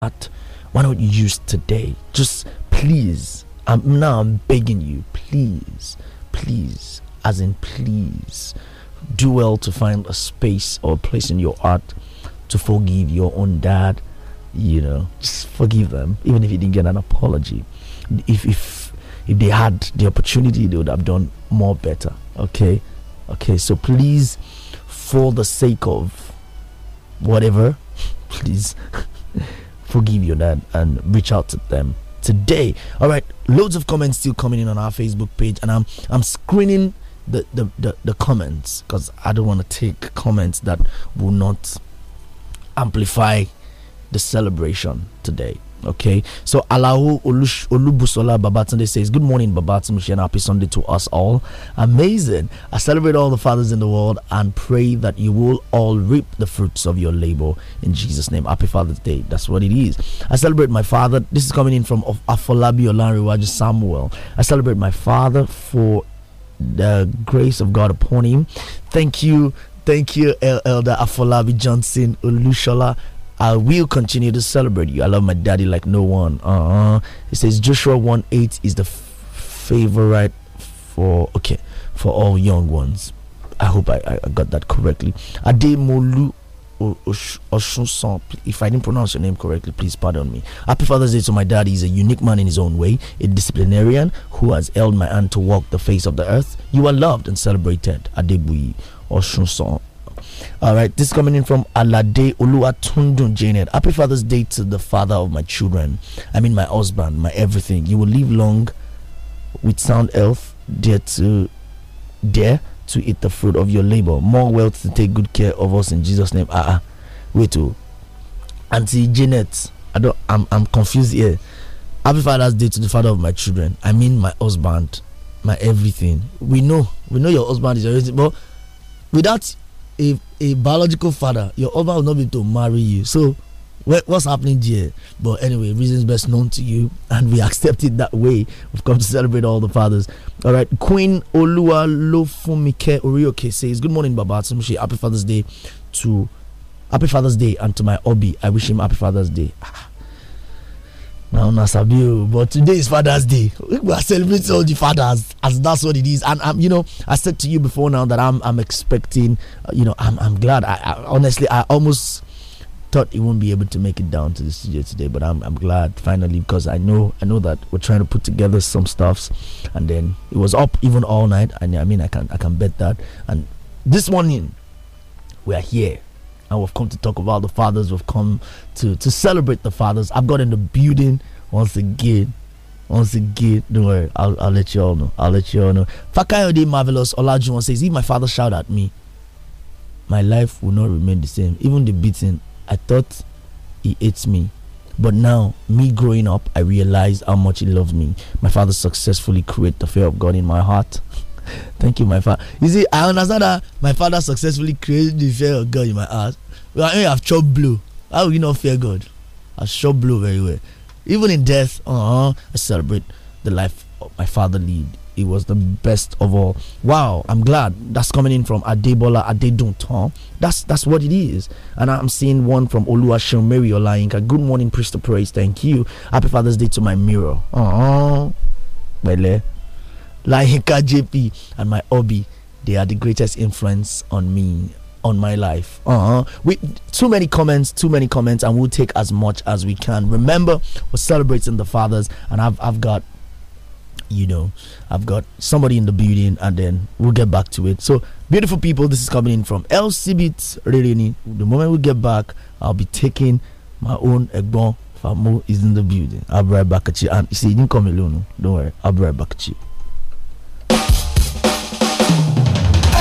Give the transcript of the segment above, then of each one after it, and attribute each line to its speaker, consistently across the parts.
Speaker 1: But why not use today? Just please. I'm now I'm begging you, please, please, as in please, do well to find a space or a place in your heart to forgive your own dad. You know, just forgive them, even if you didn't get an apology. If if if they had the opportunity, they would have done more better. Okay, okay. So please, for the sake of whatever, please forgive your dad and reach out to them today. All right, loads of comments still coming in on our Facebook page, and I'm I'm screening the the, the, the comments because I don't want to take comments that will not amplify the celebration today. Okay, so Alahu Olubusola Babatunde says, Good morning, Babatunde, and happy Sunday to us all. Amazing. I celebrate all the fathers in the world and pray that you will all reap the fruits of your labor in Jesus' name. Happy Father's Day. That's what it is. I celebrate my father. This is coming in from Afolabi Olanriwaju Samuel. I celebrate my father for the grace of God upon him. Thank you. Thank you, Elder Afolabi Johnson Olushola I will continue to celebrate you. I love my daddy like no one. Uh-huh. It says Joshua 1 8 is the favorite for okay for all young ones. I hope I, I got that correctly. Ademolu Oshunson, if I didn't pronounce your name correctly, please pardon me. Happy Father's Day to my dad. He's a unique man in his own way, a disciplinarian who has held my hand to walk the face of the earth. You are loved and celebrated. Adebuyi Oshunson, all right, this coming in from Alade Oluwatundun Janet. Happy Father's Day to the father of my children. I mean, my husband, my everything. You will live long with sound health, dear to dear to eat the fruit of your labor. More wealth to take good care of us in Jesus' name. Ah, uh-uh. wait, oh, Auntie Janet. I don't. I'm I'm confused here. Happy Father's Day to the father of my children. I mean, my husband, my everything. We know, we know your husband is your everything, but without a, a biological father, your husband will not be able to marry you. So, what's happening here? But anyway, reasons best known to you, and we accept it that way. We've come to celebrate all the fathers. All right, Queen Olua Lofumike Orioke says, Good morning, Baba Happy Father's Day to Happy Father's Day and to my Obi. I wish him Happy Father's Day. Now, Nasabil, oh, but today is Father's Day. We are celebrating all the fathers, as that's what it is. And I'm, um, you know, I said to you before now that I'm, I'm expecting, uh, you know, I'm, I'm glad. I, I, honestly, I almost thought he won't be able to make it down to the studio today, but I'm, I'm glad finally because I know, I know that we're trying to put together some stuffs, and then it was up even all night. And I mean, I can, I can bet that. And this morning, we are here and we've come to talk about the fathers. We've come to to celebrate the fathers. I've got in the building once again. Once again, don't worry, I'll, I'll let you all know. I'll let you all know. Fakayode Marvelous Olajuwon says, If my father shout at me, my life will not remain the same. Even the beating, I thought he hates me. But now, me growing up, I realized how much he loved me. My father successfully created the fear of God in my heart. Thank you, my father. You see, I understand that my father successfully created the fear of God in my heart. Well, I mean, I've chopped blue. How will you not fear God? I've chopped blue very well. Even in death, uh, I celebrate the life of my father lead. It was the best of all. Wow, I'm glad that's coming in from Adebola Adédún. Huh? That's that's what it is. And I'm seeing one from Olua Shomeri Olainka. Good morning, priest of praise. Thank you. Happy Father's Day to my mirror. uh -huh. Laika JP, and my hobby. They are the greatest influence on me, on my life. Uh huh. We too many comments, too many comments, and we'll take as much as we can. Remember, we're celebrating the fathers, and I've I've got you know, I've got somebody in the building and then we'll get back to it. So, beautiful people, this is coming in from Really Rereni. The moment we get back, I'll be taking my own Egbon Famo is in the building. I'll be right back at you. And you see, you didn't come alone. Don't worry. I'll be right back at you.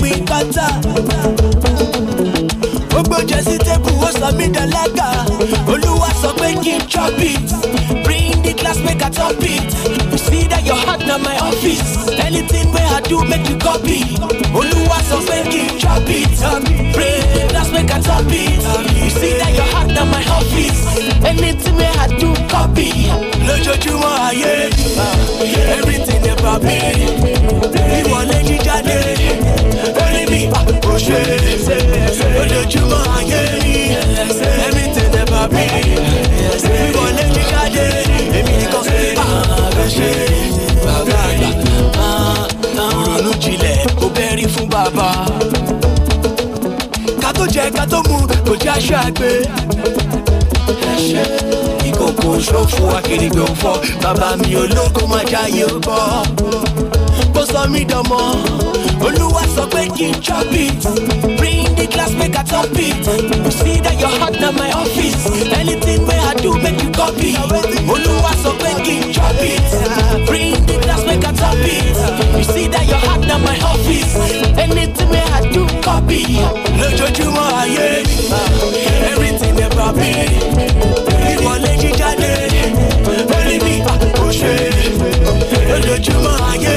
Speaker 2: pín pátá. ó gbọ́jẹ sí tébù ó sọ mí dàlágà olúwa sọ pé kí n chop it bring the glass, make i chop it you see that your heart. na my office anything wey i do make you copy oluwa sọ pé kí n chop it pray that's make i top it you see that your heart na my office anything wey i do copy lójoojúmọ́ ayé everything dey pa mí ìwọlé jíjáde orí mi kò ṣe lójoojúmọ́ ayé everything dey pa mí. àṣàgbé ẹ ṣe ìkòkò ṣòfò akérégbè òfò bàbá mi ológo má jáyé bọ bó sọ mí dọmọ olúwa sọ pé kí n chop it bring the glass make i top it you see that your heart na my office anything wey i do make you copy olúwa sọ pé kí n chop it bring the glass make i top it you see that your heart na my office anything wey i do copy lójoojúmọ́ ayé everything dey papi ìwọlé jíjáde lórí mi kò ṣe lójoojúmọ́ ayé.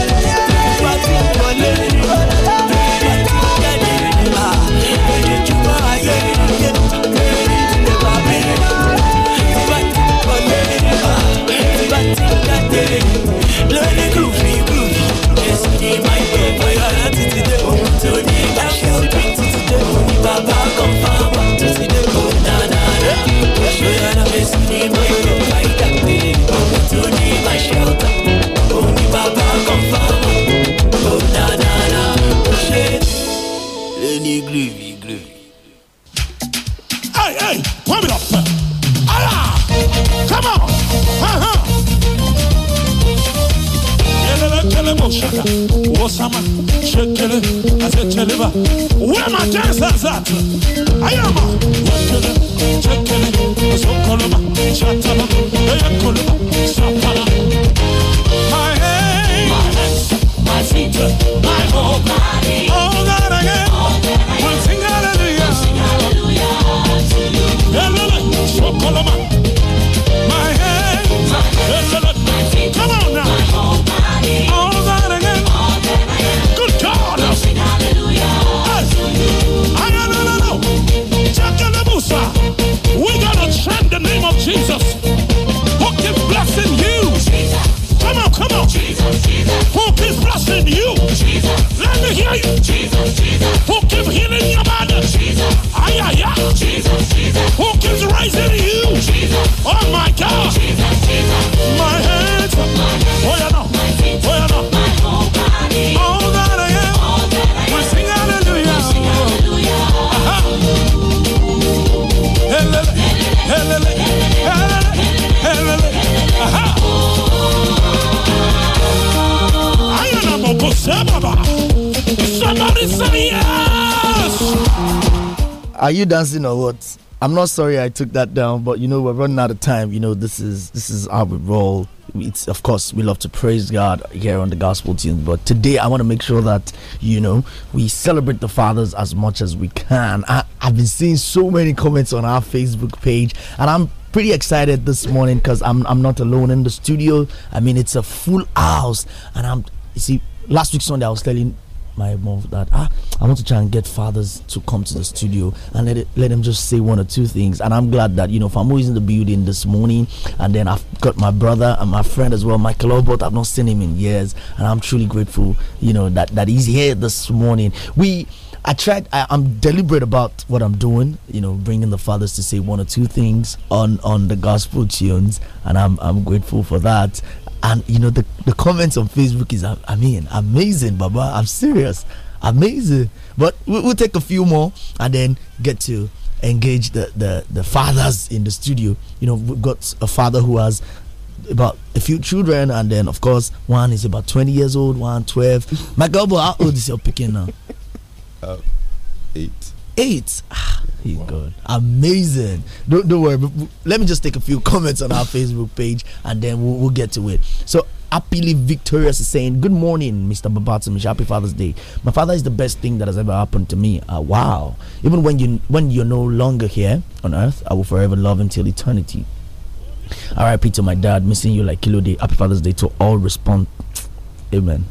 Speaker 1: dancing or what? I'm not sorry I took that down, but you know we're running out of time. You know this is this is how we roll. It's of course we love to praise God here on the gospel team, but today I want to make sure that you know we celebrate the fathers as much as we can. I, I've been seeing so many comments on our Facebook page, and I'm pretty excited this morning because I'm I'm not alone in the studio. I mean it's a full house, and I'm you see last week Sunday I was telling my mom that ah I want to try and get fathers to come to the studio and let it, let them just say one or two things. And I'm glad that you know Famo is in the building this morning, and then I've got my brother and my friend as well, Michael Obot. I've not seen him in years, and I'm truly grateful, you know, that that he's here this morning. We. I tried. I, am deliberate about what I'm doing. You know, bringing the fathers to say one or two things on on the gospel tunes, and I'm I'm grateful for that and you know the, the comments on facebook is i mean amazing baba i'm serious amazing but we, will take a few more and then get to engage the, the the fathers in the studio you know we've got a father who has about a few children and then of course one is about 20 years old one 12 my god how old is your picking now
Speaker 3: uh, eight
Speaker 1: eight ah, he wow. good. Amazing. Don't, don't worry. Let me just take a few comments on our Facebook page and then we'll, we'll get to it. So, happily victorious is saying, Good morning, Mr. Babatunde. Happy Father's Day. My father is the best thing that has ever happened to me. Uh, wow. Even when, you, when you're no longer here on earth, I will forever love until eternity. RIP to my dad, missing you like Kilo Day. Happy Father's Day to all. Respond. Amen.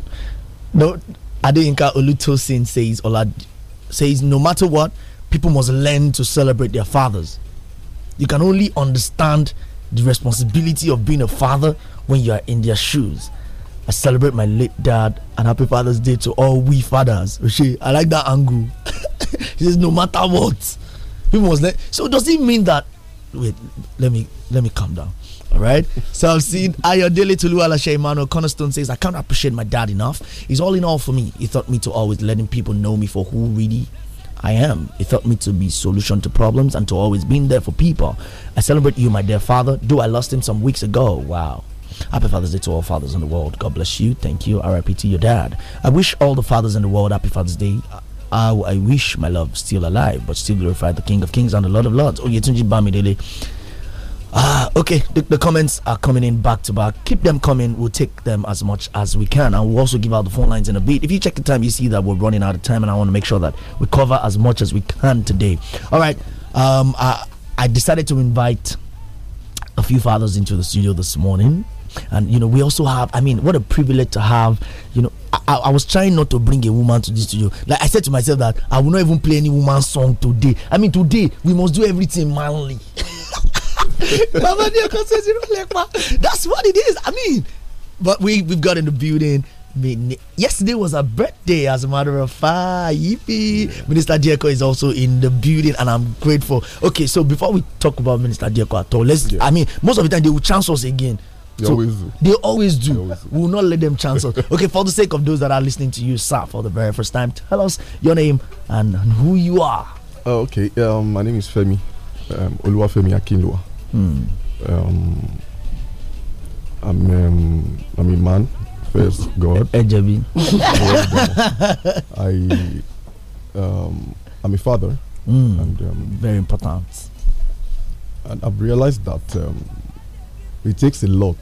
Speaker 1: No, Adeyinka Olutosin says, Ola, says, No matter what, people must learn to celebrate their fathers. You can only understand the responsibility of being a father when you are in their shoes. I celebrate my late dad and happy Father's Day to all we fathers. she, I like that angle. she says, no matter what, people must learn. So does it mean that? Wait, let me let me calm down. All right. So I've seen Ayodele Tulualashe Emmanuel Cornerstone says, I can't appreciate my dad enough. He's all in all for me. He taught me to always letting people know me for who really I am. It taught me to be solution to problems and to always being there for people. I celebrate you, my dear father. Do I lost him some weeks ago? Wow. Happy Father's Day to all fathers in the world. God bless you. Thank you. RIP to your dad. I wish all the fathers in the world happy Father's Day. I, I wish my love still alive, but still glorify the King of Kings and the Lord of Lords. Oh, Yetunji dili. Ah, okay. The, the, comments are coming in back to back. Keep them coming. We'll take them as much as we can. And we'll also give out the phone lines in a bit. If you check the time, you see that we're running out of time, and I want to make sure that we cover as much as we can today. All right. Um, I, I decided to invite a few fathers into the studio this morning. And, you know, we also have, I mean, what a privilege to have, you know, I, I, was trying not to bring a woman to this studio. Like I said to myself that I will not even play any woman song today. I mean, today we must do everything manly. Mama That's what it is. I mean, but we we've got in the building. Yesterday was a birthday, as a matter of fact. Yippee! Yeah. Minister Dieko is also in the building, and I'm grateful. Okay, so before we talk about Minister Dieko at all, let's. Yeah. I mean, most of the time they will chance us again. They so always do. They always do. do. we will not let them chance us. Okay, for the sake of those that are listening to you, sir, for the very first time, tell us your name and who you are.
Speaker 4: Uh, okay, um, my name is Femi, um, Oluwafemi Akinlua. Mm. Um, I'm, um, I'm a man, first God. I, um, I'm a father. Mm. And, um, Very important. And I've realized that um, it takes a lot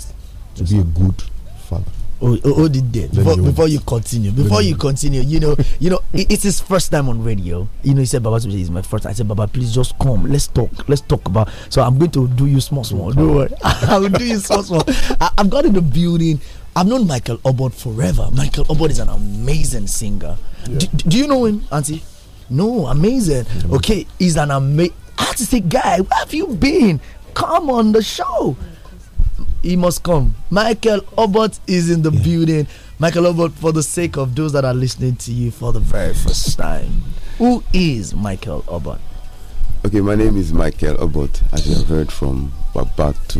Speaker 4: to exactly. be a good father hold, oh, oh, oh, hold it there before, before you continue. Before
Speaker 1: you continue, you know, you know, it, it's his first time on radio. You know, he said, "Baba, is my first. I said, "Baba, please just come. Let's talk. Let's talk about." So I'm going to do you small, small. Don't worry, I will do you small, small. I, I've got in the building. I've known Michael Obod forever. Michael Obod is an amazing singer. Yeah. Do, do, you know him, Auntie? No, amazing. Okay, he's an amazing artistic guy. Where have you been? Come on the show he must come. Michael Obot is in the yeah. building. Michael Obot, for the sake of those that are listening to you for the very first time, who is Michael Obot?
Speaker 3: Okay, my name is Michael Obot, as you have heard from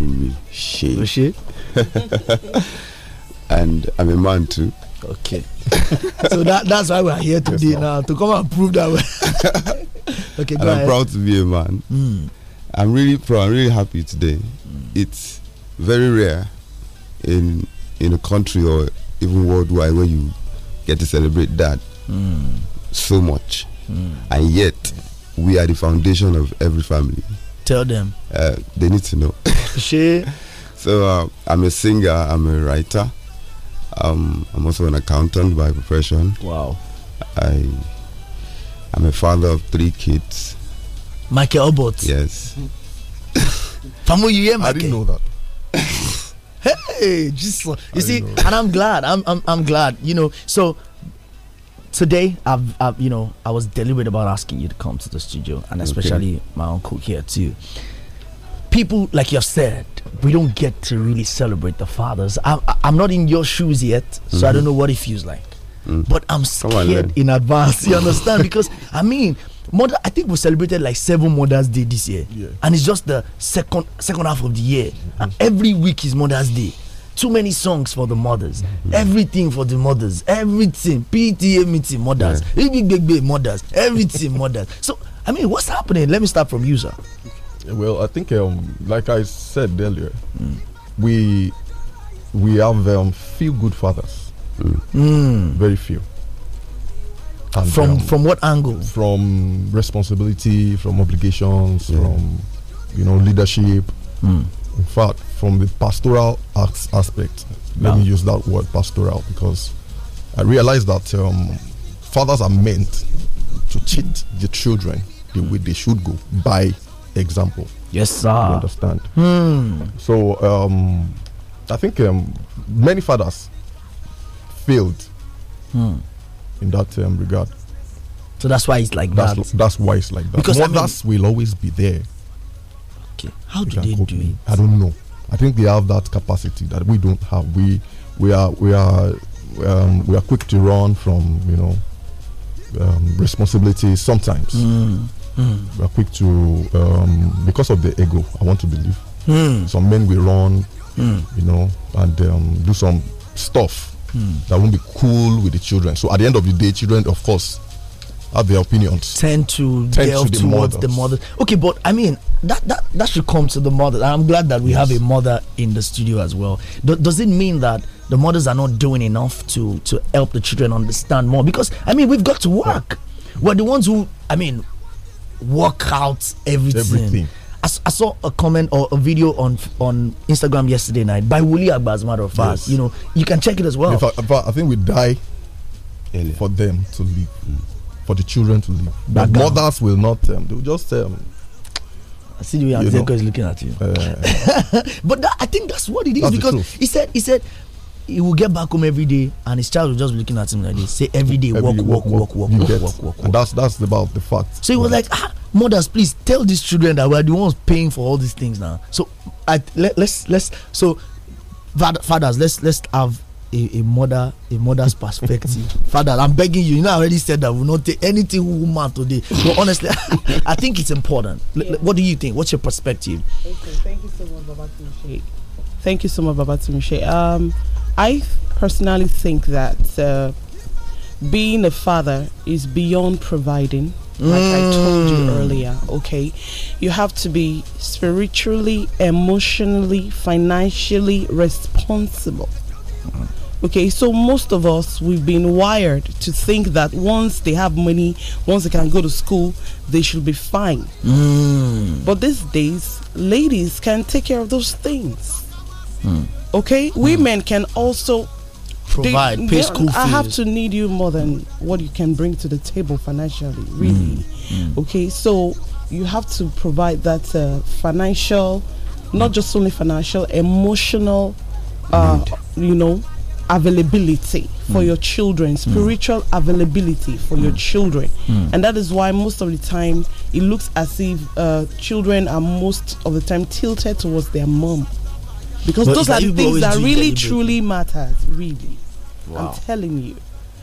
Speaker 3: me, She. and I'm a man too. Okay.
Speaker 1: so that, that's why we're here today yes, now to come and prove that we okay, and I'm proud
Speaker 3: to be a man. Mm. I'm really proud, I'm really happy today. Mm. It's very rare in in a country or even worldwide where you get to celebrate that mm. so much, mm. and yet we are the foundation of every family. Tell them. Uh, they need to know. she. So uh, I'm a singer. I'm a writer. Um, I'm also an accountant by profession. Wow. I I'm a father of three kids.
Speaker 1: Michael Obot. Yes. Family you hear Michael? I didn't know that hey, just You I see, know. and I'm glad. I'm, I'm I'm glad. You know, so today I've, I've, you know i was deliberate about asking you to come to the studio and especially okay. my uncle here too people like you've said we don't get to really celebrate the fathers i'm, I'm not in your shoes yet so mm -hmm. i don't mm-hmm. know what it feels like Mm. But I'm scared on, in advance. You understand? because I mean, mother. I think we celebrated like seven Mother's Day this year, yeah. and it's just the second second half of the year. Mm. And every week is Mother's Day. Too many songs for the mothers. Mm. Everything for the mothers. Everything. PTA meeting mothers. Yeah. Big big big mothers. Everything mothers. So I mean, what's happening? Let me start from user.
Speaker 4: Well, I think um, like I said earlier, mm. we we have um, feel good fathers Mm. Very few. And from um, from what angle? From responsibility, from obligations, yeah. from you know leadership. Mm. In fact, from the pastoral as aspect, let me use that word pastoral because I realize that um, fathers are meant to teach the children the way they should go by example. Yes, sir. You understand?
Speaker 5: Hmm.
Speaker 4: So um, I think um, many fathers failed hmm. in that um, regard. So that's why it's like that's, that. That's why it's like that. Because mothers I mean, will always be there. Okay. How do they do it? I don't know. I think they have that capacity that we don't have. We we are we are um, we are quick to run from you know um, responsibilities sometimes. Mm. Mm. We are quick to um, because of the ego. I want to believe mm. some men will run, hmm. you know, and um, do some stuff that won't be cool with the children. So at the end of the day, children, of course, have their opinions.
Speaker 1: Tend to
Speaker 4: Tend delve to the towards mothers. the
Speaker 1: mother. Okay, but I mean that that that should come to the mother. I'm glad that we yes. have a mother in the studio as well. Do, does it mean that the mothers are not doing enough to to help the children understand more? Because I mean, we've got to work. Yeah. We're the ones who I mean work out everything. everything. I, I, saw a comment or a video on on Instagram yesterday night by Wuli Agba, as a matter of fact. Yes. You know, you can check it as well. Fact,
Speaker 4: I think we die Earlier. for them to leave, mm. for the children to leave. But mothers will not. Um, they will just. Um, I see the way Anzeko is looking at you. Uh, but that, I think that's what it is because
Speaker 2: he said he said
Speaker 1: he will get back home every day and his child will just be looking at him like this say every day work, work, work, work, work, work,
Speaker 4: work. and that's that's about the fact
Speaker 1: so he was like ah mothers please tell these children that we're the ones paying for all these things now so i let, let's let's so fathers let's let's have a, a mother a mother's perspective father i'm begging you you know i already said that we will not take anything woman today but honestly i think it's important yeah. what do you think what's your perspective okay thank you
Speaker 6: so much baba Tumishe. thank you so much baba Tumishe. um I personally think that uh, being a father is beyond providing. Like mm. I told you mm. earlier, okay? You have to be spiritually, emotionally, financially responsible. Okay, so most of us, we've been wired to think that once they have money, once they can go to school, they should be fine. Mm. But these days, ladies can take care of those things. Mm. Okay, hmm. women can also provide, they, pay school fees. I have to need you more than what you can bring to the table financially, really. Mm, mm. Okay, so you have to provide that uh, financial, not just only financial, emotional, uh, you know, availability for mm. your children, hmm. spiritual availability for your hmm. children. And that is why most of the time it looks as if uh, children are most of the time tilted towards their mom. Because but those are the things that really truly matters. Really, wow. I'm telling you,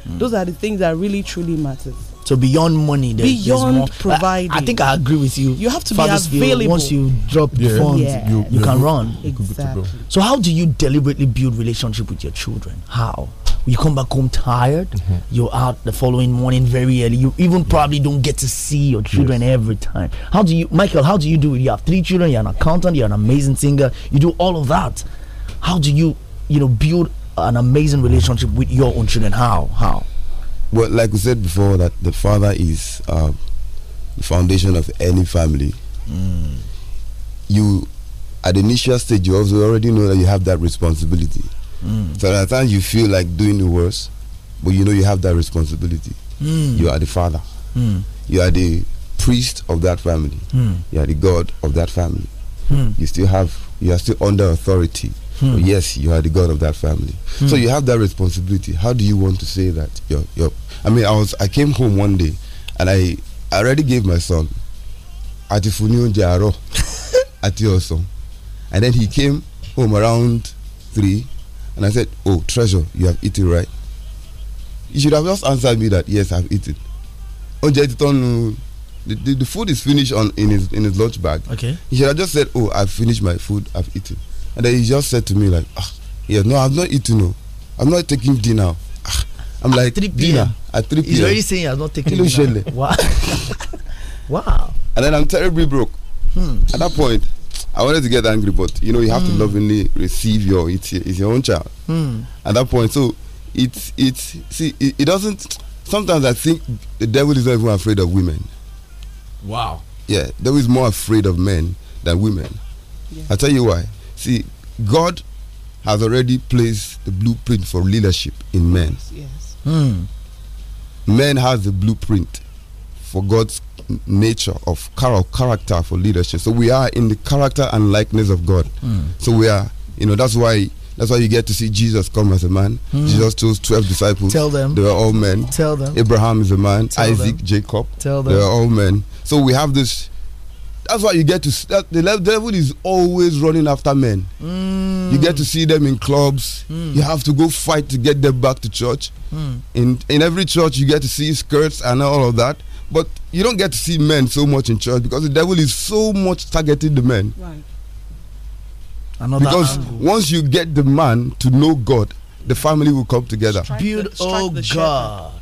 Speaker 6: mm. those are the things that really truly matters.
Speaker 1: So beyond money, beyond there's more. providing, I, I, think I agree with you. You have to be available. Feel, once you drop yeah. the funds, yeah. you, you, you, can run. Exactly. So how do you deliberately build relationship with your children? How? you come back home tired mm -hmm. you're out the following morning very early you even yeah. probably don't get to see your children yes. every time how do you michael how do you do it you have three children you're an accountant you're an amazing singer you do all of that how do you you know build an amazing relationship with your own children how how
Speaker 3: well like we said before that the father is uh, the foundation of any family mm. you at the initial stage you also already know that you have that responsibility Mm. So at times you feel like doing the worst, but you know you have that responsibility. Mm. You are the father. Mm. You are the priest of that family. Mm. You are the God of that family. Mm. You still have you are still under authority. Mm. yes, you are the God of that family. So you have that responsibility. How do you want to say that? You're, I mean, I was I came home one day, and I I already gave my son àti fún àti ọ̀sán and then he came home around three and I said, Oh, treasure, you have eaten, right? You should have just answered me that, Yes, I've eaten. The, the, the food is finished on in his in his lunch bag. Okay. He should have just said, Oh, I've finished my food, I've eaten. And then he just said to me, like, ah, yeah, no, I've not eaten, no. Oh. I'm not taking dinner. Ah. I'm at like 3 dinner at 3 p.m. He's already saying he has not taken dinner.
Speaker 1: wow. wow.
Speaker 3: And then I'm terribly broke. Hmm. At that point, I wanted to get angry, but you know, you have mm. to lovingly receive your it's, it's your own child mm. at that point. So it's it's see it, it, doesn't. Sometimes I think the devil is not even afraid of women. Wow. Yeah, devil is more afraid of men than women. Yeah. I tell you why. See, God has already placed the blueprint for leadership in men. Yes. Hmm. Men has the blueprint for God's nature of character for leadership. So we are in the character and likeness of God. Mm. So we are, you know, that's why that's why you get to see Jesus come as a man. Mm. Jesus chose 12 disciples. Tell them. They were all men. Tell them. Abraham is a man. Tell Isaac, them. Jacob. Tell them. They were all men. So we have this. That's why you get to. That, the devil is always running after men. Mm. You get to see them in clubs. Mm. You have to go fight to get them back to church. Hmm. In, in every church, you get to see skirts and all of that. But you don't get to see men so much in church because the devil is so much targeting the men. Right. Another because angle. once you get the man to know God, the family will come together. Strike
Speaker 6: Build, the, oh the God.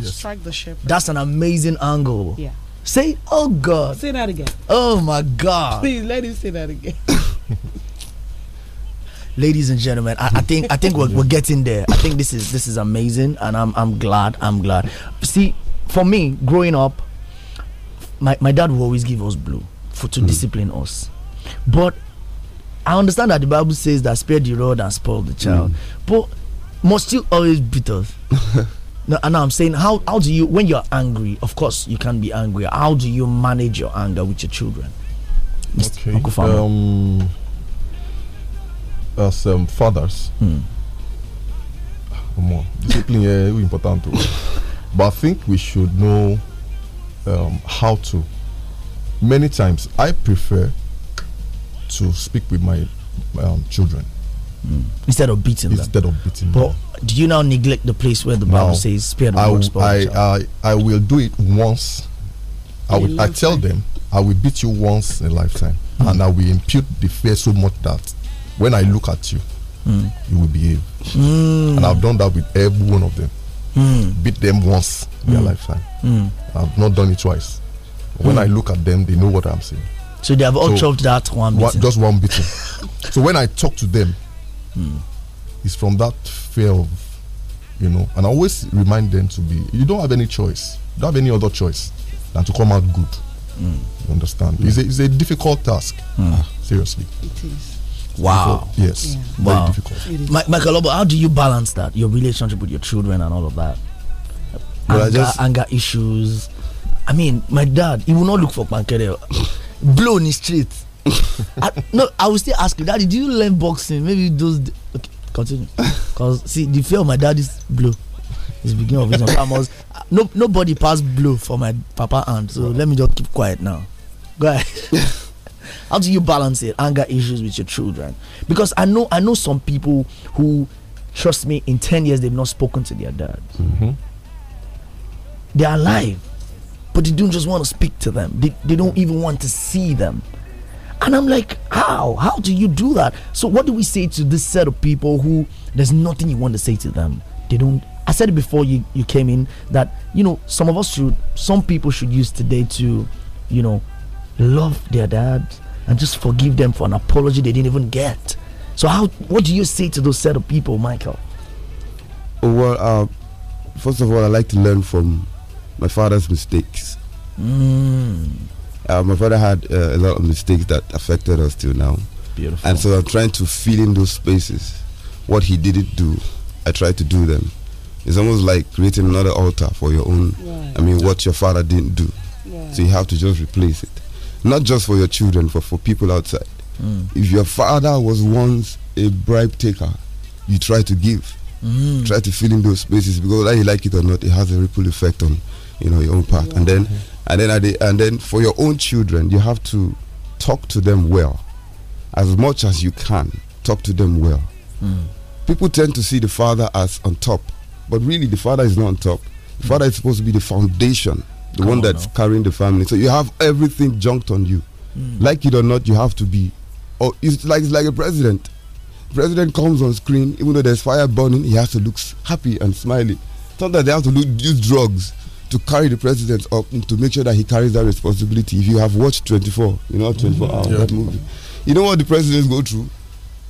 Speaker 6: Yes. Strike the shepherd.
Speaker 1: That's an amazing angle. Yeah. Say, oh God. Say that again. Oh my God. Please
Speaker 6: let him say that again.
Speaker 1: Ladies and gentlemen, I, I, think I think we're, we're getting there. I think this is this is amazing, and I'm I'm glad I'm glad. See, for me, growing up, my, my dad would always give us blue for to mm. discipline us. But I understand that the Bible says that spare the rod and spoil the child. Mm. But must you always beat us? no, and I'm saying how how do you when you're angry, of course you can be angry. How do you manage your anger with your children? Okay.
Speaker 4: Um, as um, fathers. Mm. Come on, discipline is eh, important too. Oh. But I think we should know um, how to. Many times, I prefer to speak with my um, children mm. instead of beating instead them. of beating but them.
Speaker 1: do you now neglect the place where the bible says spare the words I,
Speaker 4: I, I will do it once
Speaker 5: i will i tell them
Speaker 4: i will beat you once in a lifetime mm. and i will impute the fear so much that when i look at you mm. you will behave hmm. and i've done that with every one of them Mm. Beat them once in their hmm. lifetime. Hmm. I've not done it twice. When hmm. I look at them, they know what I'm saying. So they have all so chopped that one beating. Just one beating. so when I talk to them, it's from that fear of, you know, and I always remind them to be, you don't have any choice. You don't have any other choice than to come out good. Mm. You understand? Mm. It's, a, it's, a, difficult task. Mm. Seriously. It is. Wow. Yes. Yeah. Very wow. difficult.
Speaker 1: Michael how do you balance that? Your relationship with your children and all of that? anger, just, anger issues. I mean, my dad, he will not look for pankere. Blow in the street. I, no, I will still ask you, Daddy, do you learn boxing? Maybe those. Okay, continue. Because, see, the fear of my dad is blow. It's beginning of his I uh, no, nobody pass blow for my papa hand. So let me just keep quiet now. Go ahead. how do you balance it? Anger issues with your children. Because I know I know some people who trust me in 10 years they've not spoken to their dad. Mm -hmm. They're alive, but they don't just want to speak to them. They, they don't even want to see them. And I'm like, how? How do you do that? So what do we say to this set of people who there's nothing you want to say to them? They don't I said it before you, you came in that you know some of us should some people should use today to you know love their dad, and just forgive them for an apology they didn't even get. So, how what do you say to those set of people, Michael?
Speaker 3: Well, uh, first of all, I like to learn from my father's mistakes.
Speaker 5: Mm.
Speaker 3: Uh, my father had uh, a lot of mistakes that affected us till now. Beautiful. And so I'm trying to fill in those spaces. What he didn't do, I try to do them. It's almost like creating another altar for your own. Right. I mean, what your father didn't do. So you have to just replace it not just for your children, but for people outside. Mm. If your father was once a bribe taker, you try to give, mm. try to fill in those spaces because whether you like it or not, it has a ripple effect on you know your own part. Yeah. And then, and then, the, and then for your own children, you have to talk to them well, as much as you can. Talk to them well. Mm. People tend to see the father as on top, but really the father is not on top. The father is supposed to be the foundation the one that's carrying the family. So you have everything junked on you. Mm. Like it or not, you have to be. Or it's like it's like a president. President comes on screen, even though there's fire burning, he has to look happy and smiley. Sometimes they have to do, use drugs to carry the president up to make sure that he carries that responsibility. If you have watched 24, you know, 24 mm. hours, yeah. that movie, you know what the presidents go through?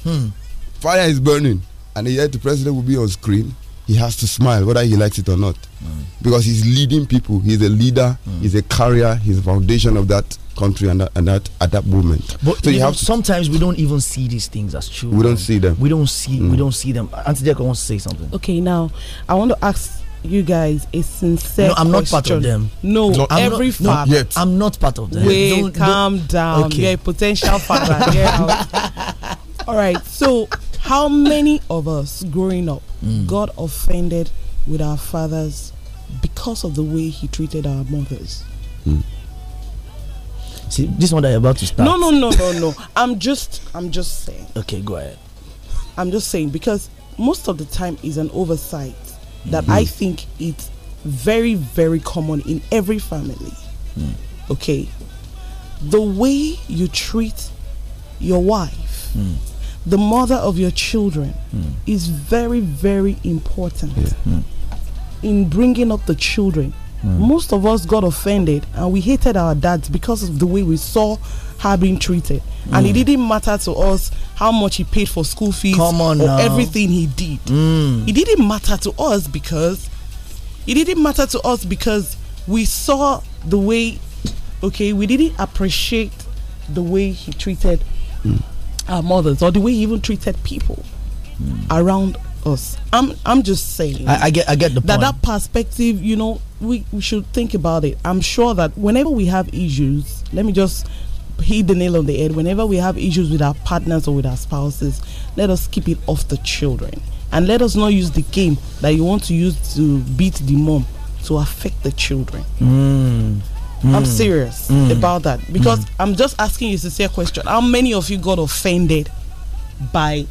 Speaker 3: Hmm. Fire is burning, and yet the president will be on screen he has to smile whether he likes it or not mm. because he's leading people he's a leader mm. he's a carrier he's a foundation of that country and that, and that at that moment
Speaker 1: but so you have sometimes we don't even see these things as true we don't see
Speaker 3: them we don't see mm. we don't
Speaker 1: see them auntie wants to say something
Speaker 6: okay now i want to ask you guys a sincere. No, I'm not part of them. No, no every not, father. I'm not part of them. Wait, don't, calm don't, down. Okay. You're a potential father. All right, so how many of us growing up mm. got offended with our fathers because of the way he treated our mothers?
Speaker 1: Mm. See, this one that you're about to start. No, no, no,
Speaker 6: no, no. I'm just, I'm just saying. Okay, go ahead. I'm just saying because most of the time is an oversight that mm -hmm. I mm-hmm. think it's very, very common in every family. Mm. Okay, the way you treat your wife mm the mother of your children mm. is very, very important yeah. mm. in bringing up the children. Mm. Most of us got offended and we hated our dads because of the way we saw her being treated. And it hmm. didn't matter to us how much he paid for school fees Come on or now. everything he did.
Speaker 5: Hmm. It
Speaker 6: didn't matter to us because it didn't matter to us because we saw the way okay, we didn't appreciate the way he treated hmm our mothers or the way he even treated people mm. around us. I'm I'm just saying. I, I, get I get the that point. that perspective. You know, we, we should think about it. I'm sure that whenever we have issues, let me just hit the nail on the head. Whenever we have issues with our partners or with our spouses, let us keep it off the children and let us not use the game that you want to use to beat the mom to affect the children.
Speaker 1: Mm.
Speaker 5: Mm. I'm serious mm. about that because mm.
Speaker 6: I'm just asking you a sincere question. How many of you got offended by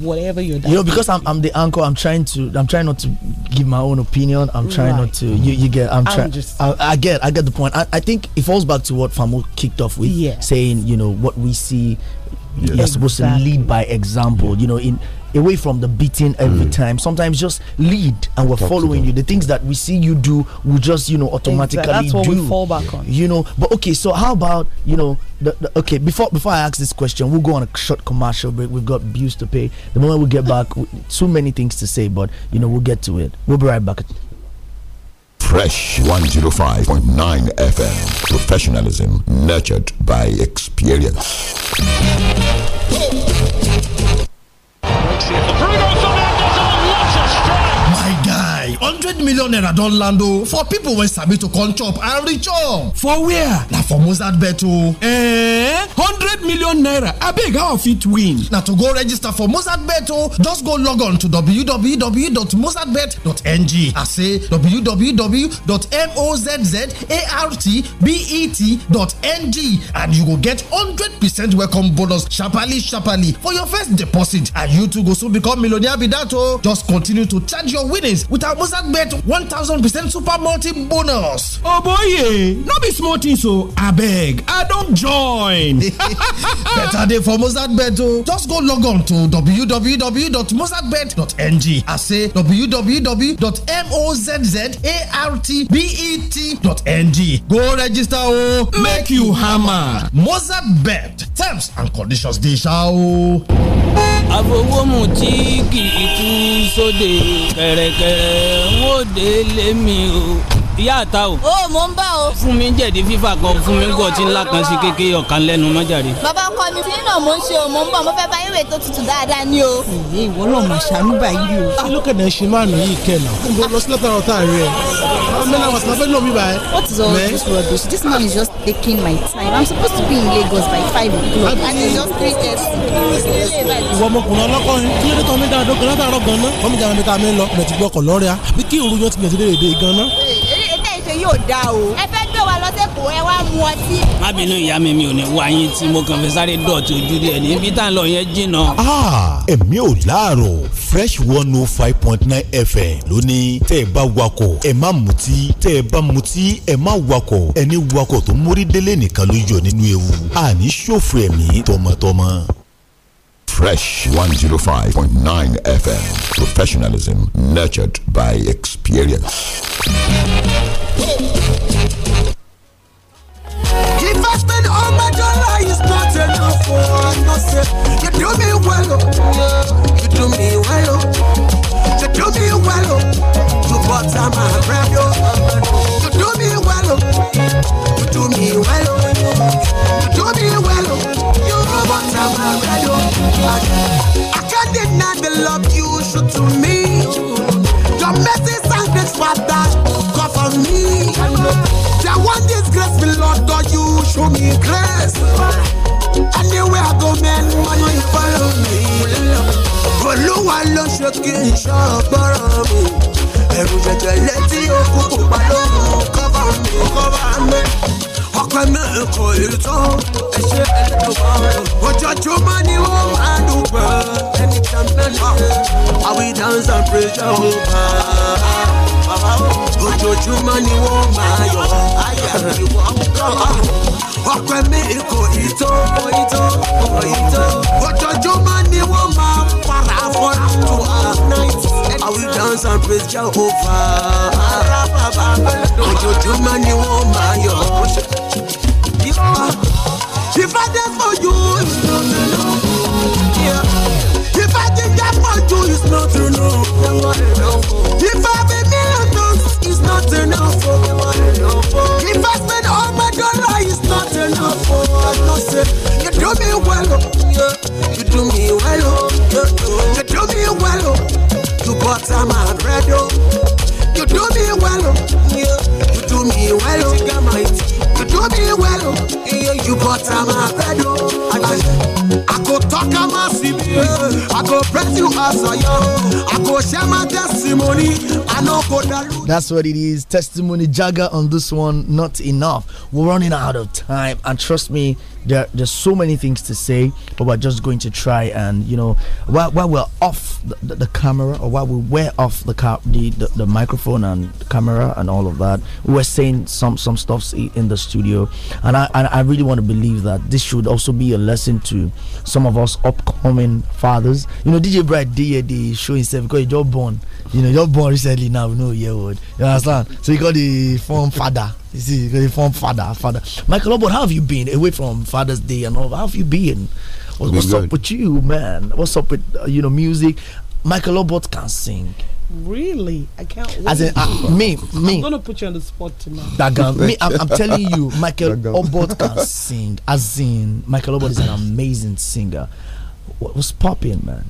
Speaker 6: whatever you're doing? You know, because I'm, I'm the
Speaker 1: uncle. I'm trying to. I'm trying not to give my own opinion. I'm trying right. not to. You, you get. I'm trying. I, I, get. I get the point. I, I think it falls back to what Famo kicked off with, yeah. saying you know what we see. Yes. You're exactly. supposed to lead by example. You know in away from the beating every mm. time. Sometimes just lead and we're Talk following you. The things that we see you do, we just, you know, automatically exactly. That's what do. we fall back yeah. on. You know, but okay, so how about, you know, the, the, okay, before before I ask this question, we'll go on a short commercial break. We've got bills to pay. The moment we get back, we, many things to say, but, you know, we'll get to it. We'll be right back.
Speaker 3: Fresh 105.9 FM. Professionalism nurtured by experience.
Speaker 7: million naira don land o for pipo wey sabi to come chop and reach up. for where? na for mozart bet o. Eh, hundred hundred million naira abeg how i fit win. na to go register for Mozart Bet, o oh, just go log on to www.mozartbet.ng I say www.mozzartbet.ng and you go get hundred percent welcome bonus sharparly sharparly for your first deposit and you too go soon become millionaire be that o oh. just continue to charge your winnings with our Mozart Bet one thousand percent super multi bonus. oboye oh, eh. no be small things o abeg i don join. Better day for Mozart Bet o. Oh. Just go log on to www.mozartbet.ng as say www.mozzartbet.ng. Go register o. Oh. Make you hammer. Mozart Bet. Terms and conditions dey ṣá
Speaker 8: Àfọwọ́mù tí kì í tú sóde kẹ̀rẹ̀kẹ̀rẹ̀ ń wò dé o. Oh ìyá àta o. ó mò ń bá o. fún mi jẹ̀dí fífà kan fún mi gọ̀ọ́tì ńlá kan sí kékeré ọ̀kan lẹ́nu mọ́jàre.
Speaker 2: bàbá ọkọ mi tí náà mò ń ṣe o mò ń bọ̀ mo fẹ́ bá ìwé tó tutù dáadáa ní o. ìwé ìwọ náà mà ṣàánú báyìí
Speaker 7: o. kí ló kẹ̀dá ṣe máa nù yìí kẹ̀nà. mo lọ sí lọ́tà ọ̀tá rẹ̀. mẹ́lá wà sábẹ́ náà mi bá ẹ. What is all this rubbish? This man is just taking my time. I'm supposed to be in Lagos by five o'clock and it's
Speaker 9: just three thirty. ìwọ
Speaker 7: ọmọkùnrin ọlọ́kọ̀rin kí
Speaker 9: ò dáa o. ẹ fẹ́ gbé wa lọ sẹ́kọ̀ọ́ ẹ wá mu ọtí.
Speaker 8: má bínú ìyá mi mi ò ní wá yín tí mo kàn fẹ́ sáré dọ̀tí ojú rí ẹ níbi tá à lọ yẹn jìnnà. Ah,
Speaker 7: ẹ̀mí ò láàárọ̀ fresh one oh five point nine fm lónìí tẹ́ ẹ bá wakọ̀ ẹ má mutí tẹ́ ẹ bá mutí ẹ má wakọ̀ ẹni wakọ̀ tó mórí délé nìkan ló yọ nínú ewu àní ṣòfò ẹ̀mí
Speaker 3: tọmọtọmọ. Fresh 105.9 FM. Professionalism nurtured by experience.
Speaker 9: all my dollar, not enough for you do me well, oh, you do me well, oh. you do me well, oh. you oh. you do me well, oh. you do me well, oh. you do me well, oh. want to do I can't deny the love you show to me. Your mercy and grace, Father, cover me. The one disgrace, me Lord God, you show me grace. Anywhere I go, man, man, you follow me. Olúwa ló ṣe kí n ṣọ́gbọ́rọ̀ mi. Ẹ̀rù jẹjẹrẹ tí ó kú pupa ló mú kọ́fà mi ọpẹ́ mẹ́kàn ètò ẹ̀ṣẹ́ ẹ̀dọ́gba ojoojúmọ́ ni ó máa dùgbọ́ ẹni tàbẹ́lẹ̀ àwìn dance and praise over ojoojúmọ́ ni ó máa yọ ayé àbíwọ́ ọpẹ́ mẹ́kàn ètò ètò ètò ojoojúmọ́ ni ó máa para for two hours night. I will dance and praise Jehovah. Ojoojúmọ́ ni wọ́n máa yọ̀. If I dey for you, it's not enough. If I ginger for you, it's not enough. If I be millions, it's not enough. If I spend all my dollar, it's not enough. you do me well, oh, yeah. you do me well, oh, yeah. you do me well. Oh, yeah to butter my bread, oh. You do me well, oh. You do me well, oh. You do me well, oh. You butter my bread, oh. I go talk, I must see I know
Speaker 1: That's what it is. Testimony Jagger on this one. Not enough. We're running out of time, and trust me, there, there's so many things to say, but we're just going to try and you know while, while we're off the, the, the camera or while we were off the, car, the, the the microphone and camera and all of that, we are saying some some stuffs in the studio, and I and I really want to believe that this should also be a lesson to some of us upcoming fathers you know DJ Bright did the show himself because he just born. You know, just born recently now, know year old. You understand? So he got the form father. You see, he got the form father, father. Michael Obot, how have you been away from Father's Day and all? How have you been? what's up with you, man? What's up with uh, you know music? Michael Obot can sing.
Speaker 6: Really, I can't. Wait. As in, uh, me, me. I'm gonna put you on the spot tonight. That
Speaker 1: guy, me, I'm, I'm, telling you, Michael Obot can sing. As in, Michael Obot is an amazing singer what was popping, man?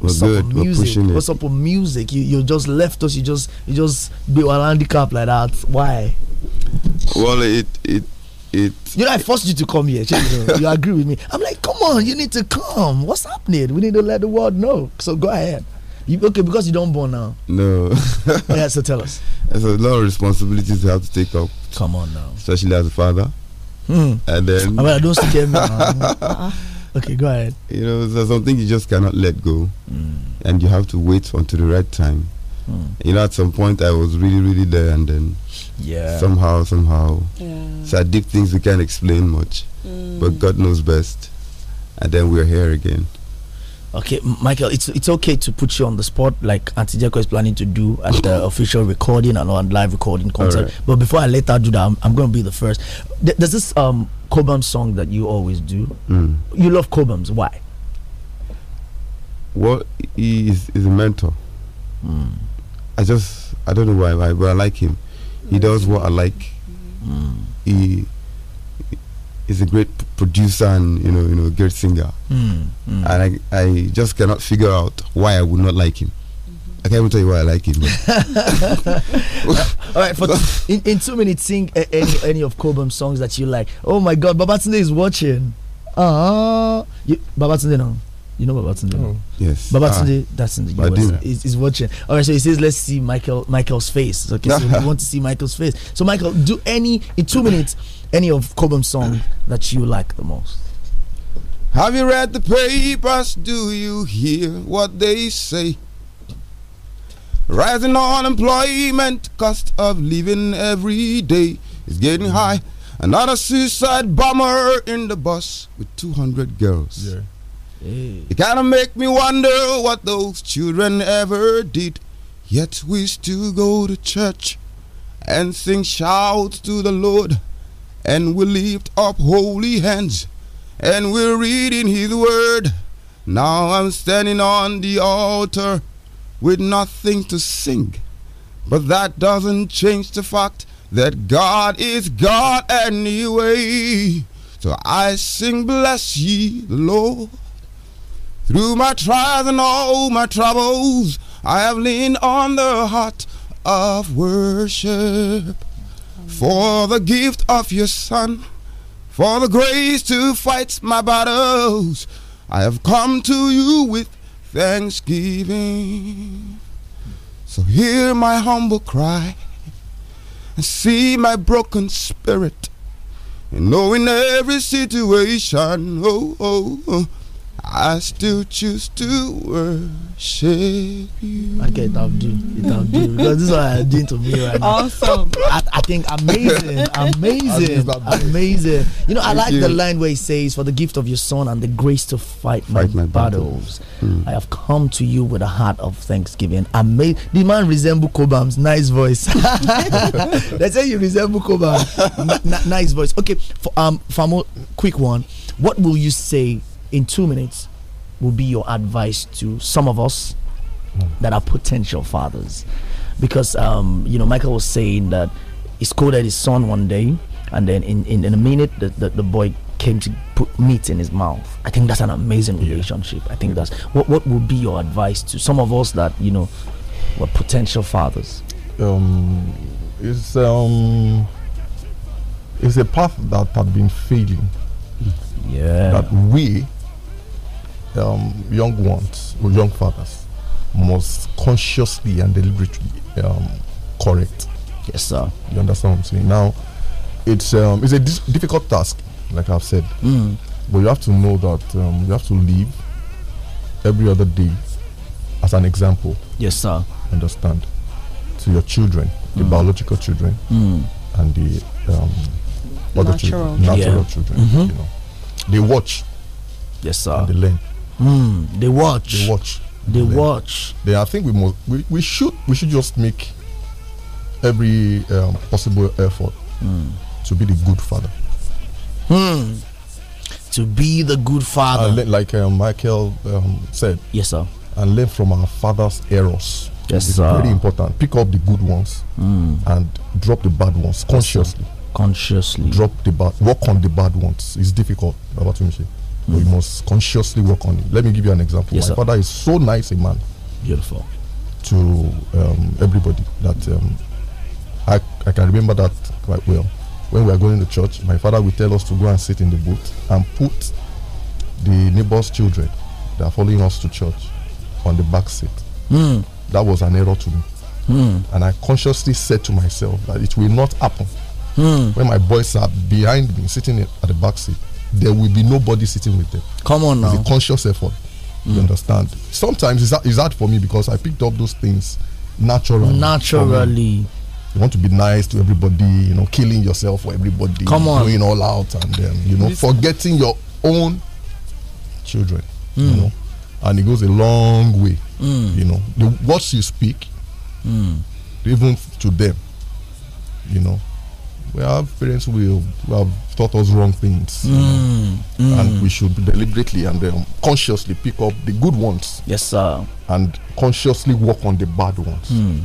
Speaker 3: What's up With music? We're What's
Speaker 1: it. up with music? You you just left us. You just you just built a handicap like that. Why?
Speaker 3: Well, it it it. You know, I forced you to come here.
Speaker 1: you agree with me? I'm like, come on, you need to come. What's happening? We need to let the world know. So go ahead. You, okay, because you don't born now.
Speaker 3: No. yeah, so tell us. There's a lot of responsibilities you have to take up. Come on now. Especially as a father. Hmm. And then. I mean, I don't
Speaker 1: scare me. Okay, go ahead.
Speaker 3: You know, there's something you just cannot let go, mm. and you have to wait until the right time. Mm. You know, at some point I was really, really there, and then yeah, somehow, somehow, yeah. so I did things we can't explain much, mm. but God knows best, and then we're here again.
Speaker 1: Okay, Michael, it's it's okay to put you on the spot like Auntie is planning to do at the official recording and on live recording concert. Right. But before I let her do that, I'm, I'm going to be the first. There's this um Cobham song that you always do. Mm. You love Cobham's. Why?
Speaker 3: Well, he is, a mentor. Mm. I just I don't know why, why, but I like him. He does what I like. Mm. He is a great producer and you know you know great singer, mm, mm. and I I just cannot figure out why I would not like him. Mm-hmm. I can't even tell you why I like him. All right, for in, in two
Speaker 1: minutes, sing any any of Cobham's songs that you like. Oh my God, Babatunde is watching. Ah, uh, Babatunde now. You know Babatunde? Oh. Yes. Babatunde, ah, that's in the US. He's, he's, watching. All right, so he says, let's see Michael Michael's face. Okay, so we want to see Michael's face. So Michael, do any in two minutes, any of Cobham's song that you like the most.
Speaker 3: Have you read the papers? Do you hear what they say? Rising unemployment, cost of living every day is getting high. Another suicide bomber in the bus with 200 girls. Yeah. Hey. It kind of make me wonder what those children ever did, yet we still go to church and sing shouts to the Lord, and we lift up holy hands, and we're reading His word. Now I'm standing on the altar with nothing to sing, but that doesn't change the fact that God is God anyway. So I sing, Bless ye the Lord. Through my trials and all my troubles, I have leaned on the heart of worship. For the gift of your Son, for the grace to fight my battles, I have come to you with thanksgiving. So hear my humble cry and see my broken spirit. And knowing every situation, oh, oh, oh I still choose to worship you. Okay, it have do. It have do. Because this is what I'm doing to me right now. Awesome. I, I think
Speaker 1: amazing. Amazing. amazing. You know, Thank I like you. the line where he says, For the gift of your son and the grace to fight, fight my, my, battles. battles. Mm. I have come to you with a heart of thanksgiving. Amazing. The man resemble Cobham's nice voice. They say you resemble Cobham. nice voice. Okay, for, um, for more quick one. What will you say in two minutes will be your advice to some of us that are potential fathers? Because, um, you know, Michael was saying that he scolded his son one day, and then in, in, in a minute, the, the, the boy came to put meat in his mouth. I think that's an amazing relationship. Yeah. I think that's what what would be your advice to some of us that you know were potential fathers.
Speaker 4: Um, it's um, it's a path that had been failing. Yeah, that we um, young ones or young fathers must consciously and deliberately um, correct. Yes, sir. You understand what I'm saying? Now, it's um, it's a difficult task, like I've said, mm. but you have to know that um, you have to live every other day as an example. Yes, sir. Understand to your children, mm. the biological children, mm. and the um, natural, children, natural yeah. children. -hmm. You know, they watch. Yes, sir. And they learn. Mm, they watch. They watch. They then, watch. Then I think we must. We, we should. We should just make every um, possible effort mm. to be the good father. Hmm. To be the good father. like uh, Michael um, said. Yes, sir. And learn from our father's errors. Yes, it's sir. Very important. Pick up the good ones hmm. and drop the bad ones consciously. Yes, consciously. Drop the bad. Work on the bad ones. It's difficult. About we must consciously work on it. Let me give you an example. Yes, My sir. father is so nice a man. Beautiful. To um, everybody that um, I, I can remember that quite well. When we are going to church, my father would tell us to go and sit in the booth and put the neighbor's children that are following us to church on the back seat. Mm. That was an error to me. Mm. And I consciously said to myself that it will not happen. Mm. When my boys are behind me, sitting at the back seat, there will be nobody sitting with them. Come on now. It's a conscious effort. Mm. You understand? Sometimes it's, it's hard for me because I picked up those things naturally. Naturally. You want to be nice to everybody, you know, killing yourself for everybody. Come on. Going all out and then, you know, forgetting your own children, mm. you know. And it goes a long way, mm. you know. The words you speak, mm. even to them, you know, we have parents who have taught us wrong things, mm. You know, mm. and hmm. we should deliberately and um, consciously pick up the good ones. Yes, sir. And consciously work on the bad ones. Mm.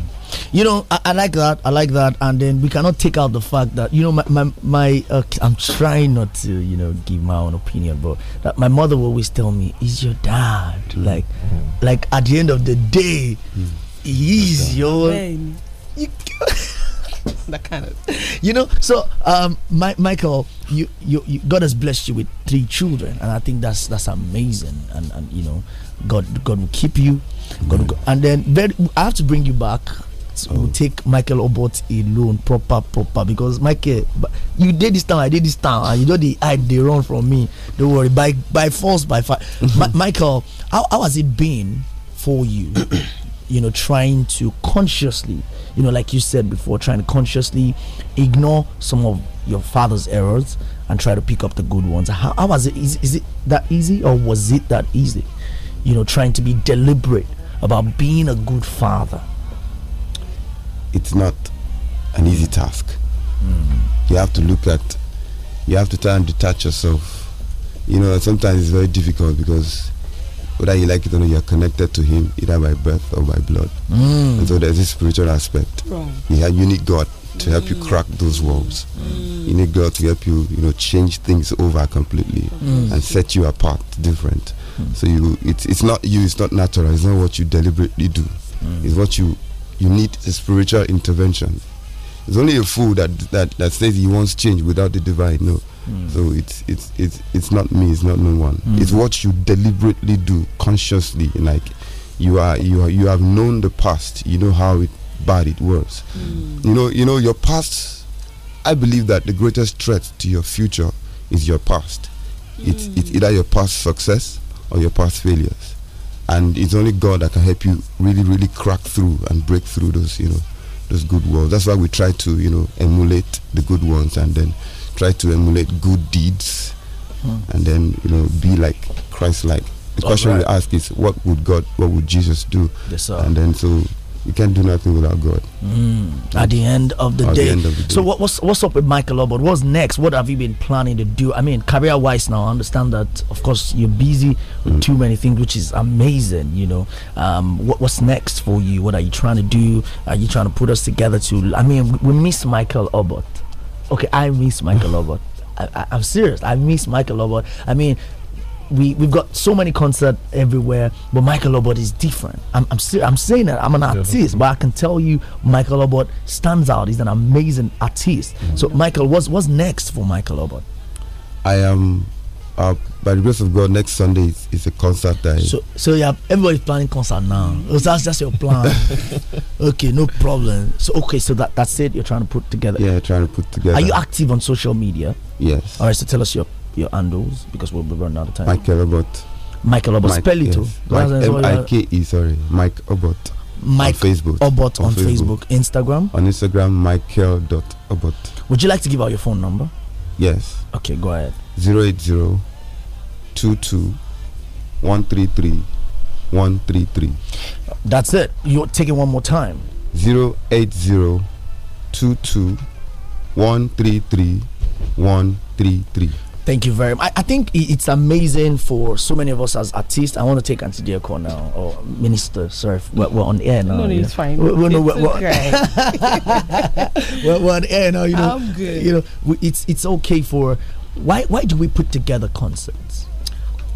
Speaker 4: You know, I, I, like that. I like that. And
Speaker 1: then we cannot take out the fact that you know, my my, my uh, I'm trying not to you know give my own opinion, but that my mother will always tell me, "Is your
Speaker 6: dad
Speaker 1: hmm. like, hmm. like at the end of the day, he's your."
Speaker 6: You that kind of
Speaker 1: you know so um my, michael you, you, you god has blessed you with three children and i think that's that's amazing and and you know god god will keep you god will go, and then very, i have to bring you back so oh. we'll take Michael Obot alone, proper, proper. Because Michael, you did this town, I did this town, and you know the I they run from me. Don't worry, by by force, by fight. Michael, how, how has it been for you you know trying to consciously you know like you said before trying to consciously ignore some of your father's errors and try to pick up the good ones how, how was it is, is it that easy or was it that easy you know trying to be deliberate about being a good father
Speaker 3: it's not an easy task mm. you have to look at you have to try and detach yourself you know sometimes it's very difficult because whether you like it or not, you're connected to him either by birth or by blood. Mm. And so there's this spiritual aspect. Right. Yeah, you need God to help you mm. crack those walls.
Speaker 5: Mm. You need
Speaker 3: God to help you, you know, change things over completely mm. and set you apart different. Mm. So you, it's it's not you, it's not natural. It's not what you deliberately do. Mm. It's what you you need a spiritual intervention. It's only a fool that that that says he wants change without the divine. No, so it's it's it's it's not me. It's not no one. Mm. It's what you deliberately do consciously. Like you are you are, you have known the past. You know how it, bad it was. Mm. You know you know your past. I believe that the greatest threat to your future is your past. It's mm. it's either your past success or your past failures, and it's only God that can help you really really crack through and break through those you know those good ones. That's why we try to you know emulate the good ones and then try to emulate good deeds, mm. and then you know be like Christ-like. The All question right. we ask is, what would God, what would Jesus do? Yes, and then so you can't do nothing without God.
Speaker 1: Mm. At, the end, At the end of the day. So what, what's what's up with Michael Obot? What's next? What have you been planning to do? I mean, career wise now, I understand that of course you're busy with mm. too many things, which is amazing. You know, um, what, what's next for you? What are you trying to do? Are you trying to put us together to? I mean, we miss Michael Obot. Okay, I miss Michael Lobot. I, am serious. I miss Michael Lobot. I mean, we we've got so many concerts everywhere, but Michael Lobot is different. I'm I'm, I'm saying that I'm an artist, but I can tell you Michael Lobot stands out. He's an amazing artist. Mm -hmm. So mm-hmm. Michael, what's what's next for Michael Lobot?
Speaker 3: I am uh, by the grace of God, next Sunday is, is a concert time. So,
Speaker 1: so yeah, everybody's planning concert now. So mm. oh, that's just your plan. okay, no problem. So, okay, so that that's it. You're trying to put together. Yeah, trying to put together. Are you active on social media? Yes. All right, so tell us your your handles because we'll be running out of time.
Speaker 3: Michael Obot. Michael Obot. Spell it yes. Like M I K E. Sorry, Mike Obot. Mike on Facebook. Obot on, on Facebook. Facebook. Instagram. On Instagram, Michael dot Obot.
Speaker 1: Would you like to give out your phone number?
Speaker 3: Yes. Okay, go ahead. 080 22 133 133.
Speaker 1: That's it. You're
Speaker 3: taking one more time. 080 22 133 133. Thank you very
Speaker 1: much. I, I, think it's amazing for so many of us as artists. I want to take Auntie Diako now, or Minister. Sorry, we're, we're, on air now. No, no it's fine. We're, we're, it's no, we're, we're, we're, on air now. You know, I'm good. You know, it's it's okay for why why do we put together concerts?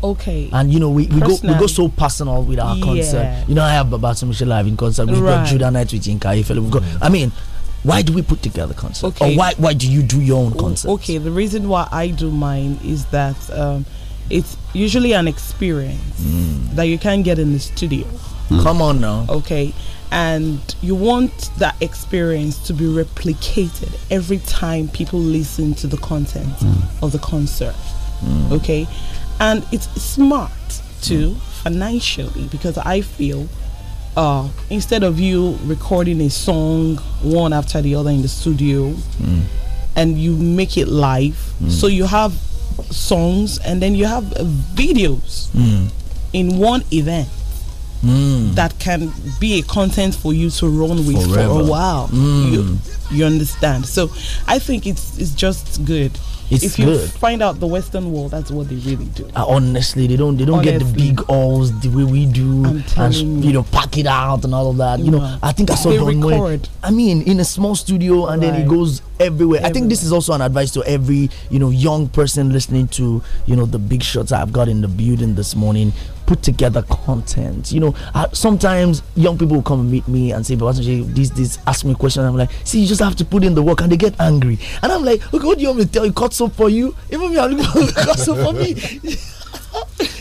Speaker 1: okay and you know we, we go we go so personal with our yeah. concert you know i have babatunde michelle live in concert we've right. got judah night with inka we've got mm. i mean why do we put together concerts okay. or why why do you do your own concert?
Speaker 6: okay the reason why i do mine is that um, it's usually an experience mm. that you can't get in the studio mm. come on now okay and you want that experience to be replicated every time people listen to the content mm. of the concert. Mm. Okay? And it's smart too mm. financially because I feel uh, instead of you recording a song one after the other in the studio mm. and you make it live, mm. so you have songs and then you have uh, videos mm. in one event mm. that can be a content for you to run with Forever. for a while. Mm. You, you understand? So I think it's it's just good. It's if you good. find out the Western world, that's what they really do.
Speaker 1: Uh, honestly, they don't they don't honestly. get the big halls the way we do, and you know pack it out and all of that. No. You know, I think I saw they Don record. I mean, in a small studio, and right. then it goes everywhere. everywhere. I think this is also an advice to every you know young person listening to you know the big shots I've got in the building this morning put together content. You know, I, sometimes young people will come and meet me and say, "But this, this," ask me questions. I'm like, "See, you just have to put in the work," and they get angry. And I'm like, "Okay, what do you want me to tell you? Cut soap for you? Even me, I'm looking for cut soap for me."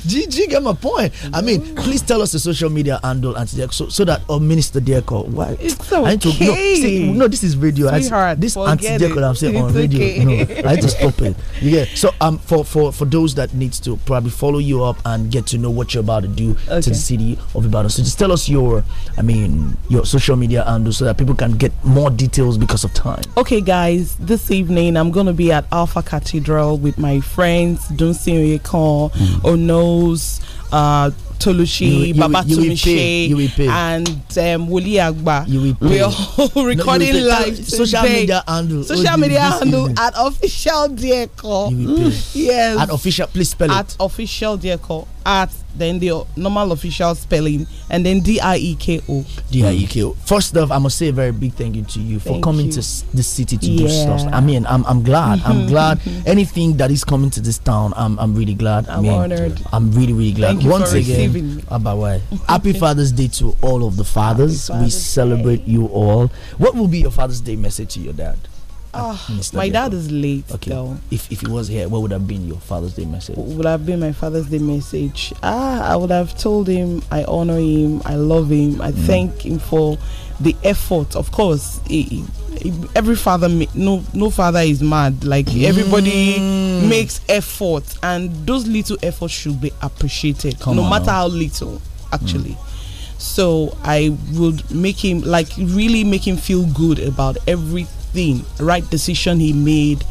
Speaker 1: GG, get my point? I mean, please tell us the social media handle and so, so that our oh, Minister Deco. Why? It's okay. I need to, no, see, no, this is radio. I, this anti Deco I'm saying on radio. Okay. No, I need to stop it. Yeah. So um, for for for those that needs to probably follow you up and get to know what you're about to do okay. to the city of Ibadan. So just tell us your, I mean, your social media handle so that people can get more details because of time.
Speaker 6: Okay, guys. This evening I'm going to be at Alpha Cathedral with my friends Dunsin Yekon, call mm. Onos, uh, Tolushi, Babatunde, and um, Wuli Agba. You will pay. Um, We're recording no, live Social today. media handle. Oh, social media handle at official Deco. Yes. At official, please spell at it. At official Deco at then the normal official spelling and then D I E K O. D I E K
Speaker 1: O. First off, I must say a very big thank you to you for thank coming you. to this city to yeah. do stuff. I mean, I'm, I'm glad. I'm glad anything that is coming to this town. I'm, I'm really glad. I'm I mean, honored. I'm really really glad. Once again, Abawai, happy Father's Day to all of the fathers. Father's we celebrate Day. you all. What will be your Father's Day message to your dad? Oh, my dad
Speaker 6: is late. Okay. Though. If if he was here, what would have been your Father's Day message? What would have been my Father's Day message? Ah, I would have told him I honor him, I love him, I mm. thank him for the effort. Of course, he, he, every father no no father is mad. Like mm. everybody makes effort, and those little efforts should be appreciated, Come no on, matter no. how little. Actually. Mm so i would make him like really make him feel good about every thing, right decision he made,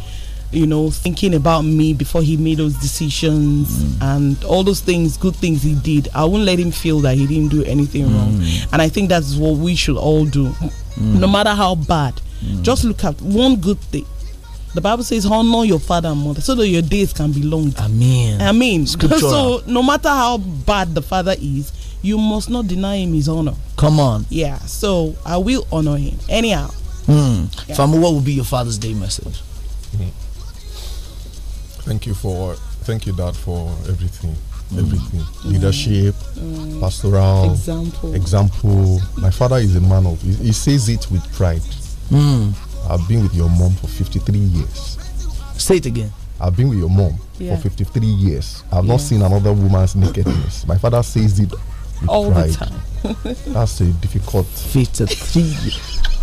Speaker 6: you know, thinking about me before he made those decisions mm. and all those things, good things he did. I won't let him feel that he didn't do anything mm. wrong. And I think that's what we should all do. Mm. No matter how bad, mm. just look at one good thing. The Bible says, honor your father and mother so that your days can be long. Amen. I mean, so no matter how bad the father is, you must not deny him his honor. Come on. Yeah, so I will honor him. Anyhow, Mm. Yeah. what
Speaker 1: would be your Father's Day message?
Speaker 4: Mm. Thank you for thank you, Dad, for everything. Mm. Everything. Hmm. Leadership, hmm. pastoral example. Example. My father is a man of he, he says it with pride. Hmm. I've been with your mom for 53 years. Say it again. I've been with your mom yeah. for 53 years. I've yeah. not seen another woman's nakedness. My father says it all pride. the time. That's a difficult
Speaker 3: 53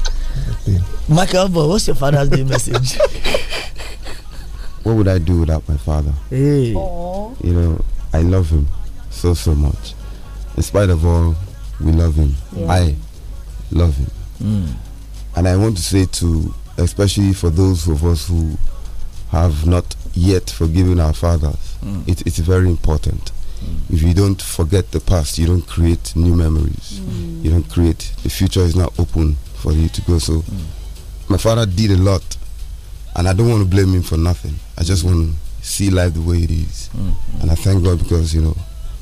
Speaker 4: Michael Boy, what's your Father's Day message?
Speaker 3: what would I do without my father?
Speaker 1: Hey.
Speaker 5: Aww.
Speaker 3: You know, I love him so, so much. In spite of all, we love him. Yeah. I love him. Mm. And I want to say to, especially for those of us who have not yet forgiven our fathers, mm. it, it's very important. Mm. If you don't forget the past, you don't create new memories. Hmm. You don't create, the future is not open for you to go. So mm. my father did a lot, and I don't want to blame him for nothing. I just want to see life the way it is, mm. and I thank God because you know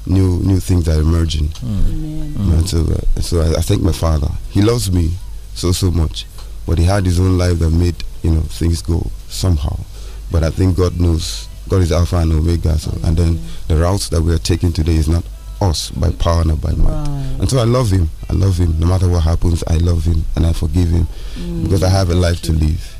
Speaker 3: new new things are emerging. Mm. So uh, so I, I thank my father. He loves me so so much, but he had his own life that made you know things go somehow. But I think God knows God is Alpha and Omega. So, and then the route that we are taking today is not us by power, not by might. Right. And so I love him. I love him. No matter what happens, I love him and I forgive him mm. because I have a life to live.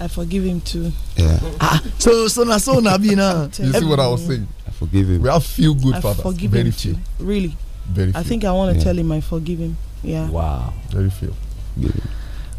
Speaker 6: I forgive him too. Yeah. Ah, so so na so na be na.
Speaker 3: You see what I was saying? I forgive him. We have few good I fathers. Forgive Very him few. Too.
Speaker 6: Really. Very few. I think I want to yeah. tell him I forgive him. Yeah. Wow.
Speaker 4: Very few. Yeah.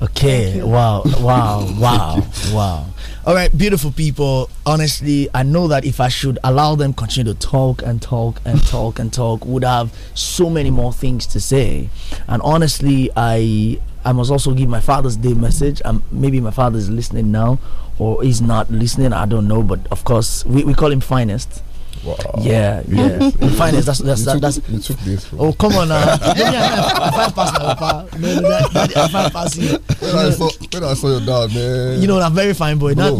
Speaker 1: Okay. Wow. Wow. Wow. wow. All right, beautiful people. Honestly, I know that if I should allow them continue to talk and talk and talk and talk, would have so many more things to say. And honestly, I I must also give my Father's Day message. Um, maybe my father is listening now, or he's not listening. I don't know. But of course, we, we call him finest. Wow. Yeah, yeah. finance, that's that's that's. Took, that's took this. Oh come on now!
Speaker 2: five five
Speaker 4: When, I saw, your dad, man. You know,
Speaker 1: I'm very fine boy. Now,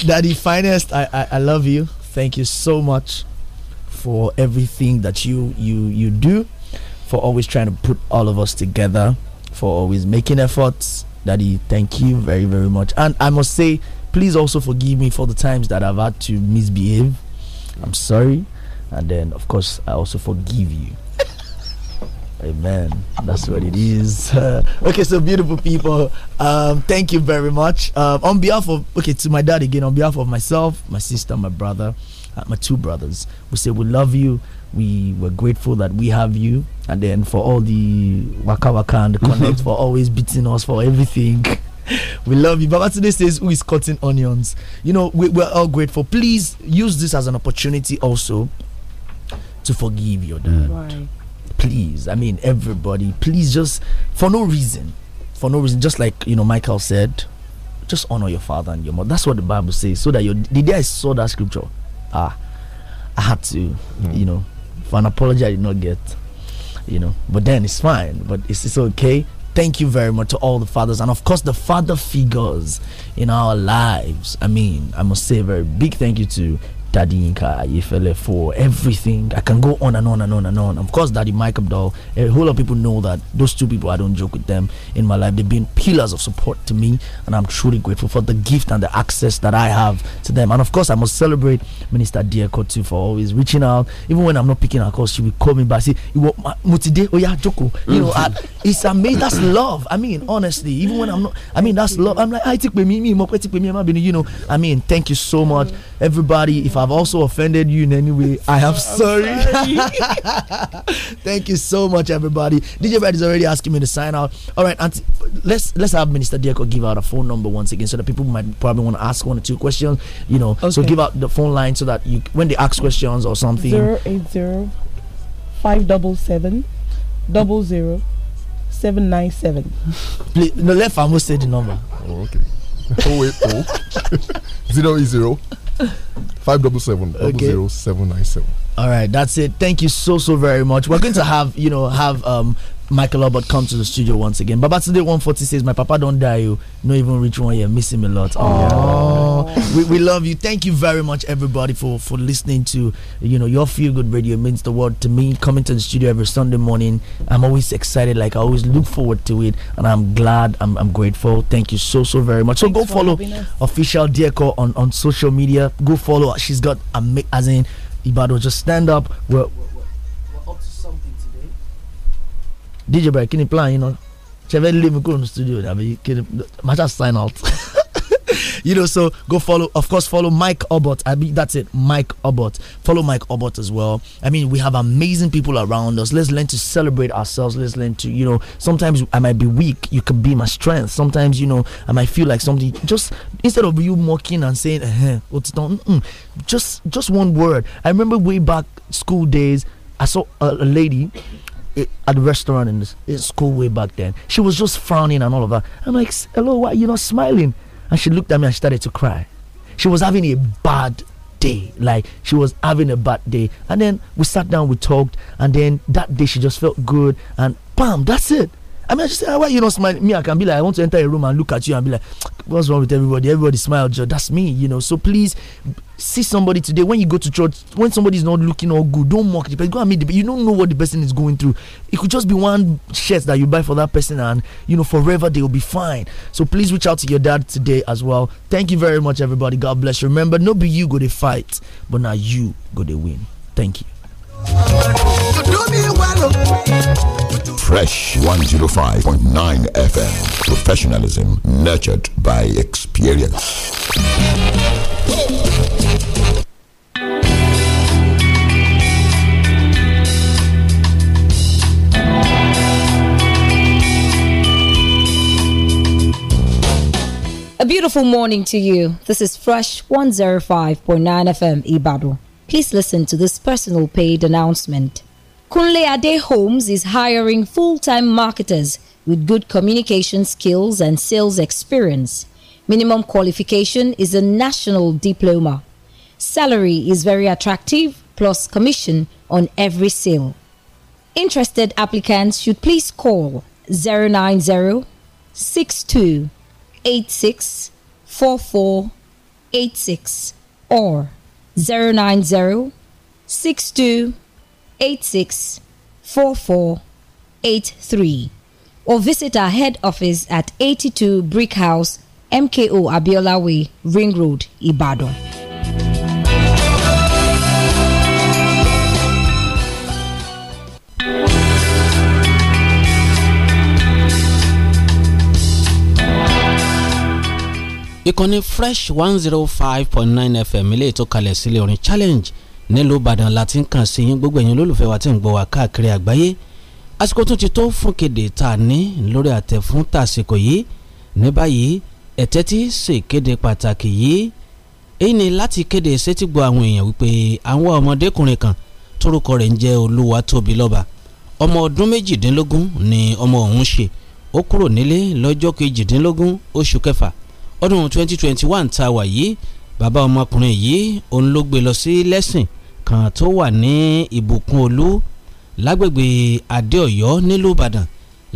Speaker 1: Daddy, finest, I, I I love you. Thank you so much for everything that you you you do, for always trying to put all of us together, for always making efforts. Daddy, thank you very very much. And I must say Please also forgive me for the times that I've had to misbehave. I'm sorry. And then, of course, I also forgive you. Amen. That's what it is. Uh, okay, so beautiful people, um, thank you very much. Uh, on behalf of, okay, to my dad again, on behalf of myself, my sister, my brother, uh, my two brothers, we say we love you. We were grateful that we have you. And then for all the waka waka and the connect, for always beating us for everything. we love you. Baba today says, Who is cutting onions? You know, we, we're all grateful. Please use this as an opportunity also to forgive your dad. Mm. Right. Please, I mean, everybody, please just for no reason, for no reason, just like you know, Michael said, just honor your father and your mother. That's what the Bible says. So that your the day I saw that scripture, ah, I had to, mm. you know, for an apology I did not get, you know, but then it's fine, but it's, it's okay thank you very much to all the fathers and of course the father figures in our lives i mean i must say a very big thank you to Daddy Inka, Ifele for everything. I can go on and on and on and on. Of course, Daddy Mike Abdul, a whole lot of people know that those two people, I don't joke with them in my life. They've been pillars of support to me, and I'm truly grateful for the gift and the access that I have to them. And of course, I must celebrate Minister Dia Koto for always reaching out. Even when I'm not picking her calls, she will call me back. Say, you know, it's amazing. That's love. I mean, honestly, even when I'm not, I mean, that's love. I'm like, I take me, me, you know, I mean, thank you so much, everybody. If I I've also offended you in any way, I am sorry. sorry. Thank you so much, everybody. DJ Brad is already asking me to sign out. All right, Auntie, let's let's have Minister Dieko give out a phone number once again so that people might probably want to ask one or two questions. You know, okay. so give out the phone line so that you when they ask questions or something. Zero
Speaker 6: eight zero five double seven double zero seven nine seven.
Speaker 1: Please, no, let Famo say the number. Oh, okay. 080 080 Five double seven seven. All right, that's it. Thank you so so very much. We're going to have you know have um Michael Albert come to the studio once again. Baba today 140 says, My papa don't die, you oh. no even reach one year, miss him a lot. Oh. oh, we, we love you. Thank you very much, everybody, for for listening to you know your feel good radio means the world to me. Coming to the studio every Sunday morning. I'm always excited, like I always look forward to it, and I'm glad I'm, I'm grateful. Thank you so so very much. Thanks so go follow official Deco on, on social media. Go follow. She's got a as in Ibado. Just stand up. We're, DJ Boy, can you plan, you know? She will leave me go in the studio. I mean, can you, I just sign out. you know, so go follow, of course, follow Mike Obot. I mean, that's it, Mike Obot. Follow Mike Obot as well. I mean, we have amazing people around us. Let's learn to celebrate ourselves. Let's learn to, you know, sometimes I might be weak. You could be my strength. Sometimes, you know, I might feel like something. Just instead of you mocking and saying, eh, what's done, just, just one word. I remember way back school days, I saw a, a lady at the restaurant in, this, in school way back then. She was just frowning and all of that. I'm like, hello, why are you not smiling? And she looked at me and started to cry. She was having a bad day. Like she was having a bad day. And then we sat down, we talked, and then that day she just felt good and bam, that's it. I mean, she said, ah, why you not smiling? Me, I can be like, I want to enter a room and look at you and be like, what's wrong with everybody? Everybody smile, just that's me, you know. So please see somebody today when you go to church when somebody is not looking all good don't mock the person go and meet the you don't know what the person is going through it could just be one shirt that you buy for that person and you know forever they will be fine so please reach out to your dad today as well thank you very much everybody god bless you remember no be you go to fight but now you go to win thank you
Speaker 3: Fresh 105.9 FM. Professionalism nurtured by experience.
Speaker 8: A beautiful morning to you. This is Fresh 105.9 FM Ebado. Please listen to this personal paid announcement.
Speaker 1: Kunle Ade Homes is hiring full-time marketers with good communication skills and sales experience. Minimum qualification is a national diploma. Salary is very attractive plus commission on every sale. Interested applicants should please call 090 62 86 or 090 62 864483
Speaker 8: or visit our head office at 82 Brick House, MKO Abiola Way, Ring Road, Ibadan. ìkànnì fresh one zero oh five point nine fm ilé ìtọ́kalẹ̀ sílẹ̀ orin challenge nílùú ìbàdàn la ti ń kàn sí yín gbogbo ẹ̀yin olólùfẹ́ wa tí ń gbọ́ wa káàkiri àgbáyé àsìkò tún ti tó fún kéde tá a ní lórí àtẹ fún tàsìkò yìí ní báyìí ẹ̀tẹ́ tí ṣe kéde pàtàkì yìí èyí ni láti kéde sétí gbọ́ àwọn èèyàn wípé àwọn ọmọdékùnrin kan tórúkọ rẹ̀ ń jẹ́ olúwatóbi lọ́ba ọmọ ọdún méjìdínlógún ni ọmọ ọ̀hún ṣe ó kúrò nílé lọ́jọ́ kejìdínlógún oṣù kẹfà ọdún 2021 tá a wà yìí bàbá ọmọkùnrin yìí òun ló gbé lọ sí lẹ́sìn kan tó wà ní ìbùkún olú lágbègbè adéọ̀yọ́ nílùú ìbàdàn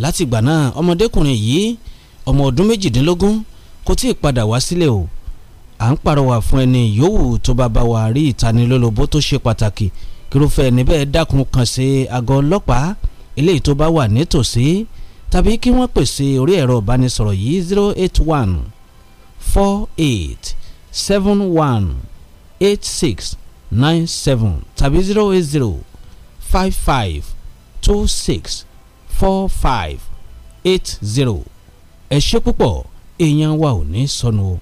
Speaker 8: látìgbà náà ọmọdékùnrin yìí ọmọ ọdún méjìdínlógún kò tí ì padà wá sílẹ̀ o à ń pàrọwà fún ẹni yòówù tó bá bá wa rí ìtanilólobó tó ṣe pàtàkì kírúfẹ́ níbẹ̀ dákun kàn sí àgọ́ ọlọ́pàá eléyìí tó bá wà nítòsí tàbí kí wọ́n pèsè orí ẹ̀rọ ìbánisọ̀rọ̀ yìí zero eight one four eight seven one eight six nine seven tàbí zero eight zero five five two six four five eight zero ẹ ṣe púpọ̀ èèyàn wa ò ní sọnù o.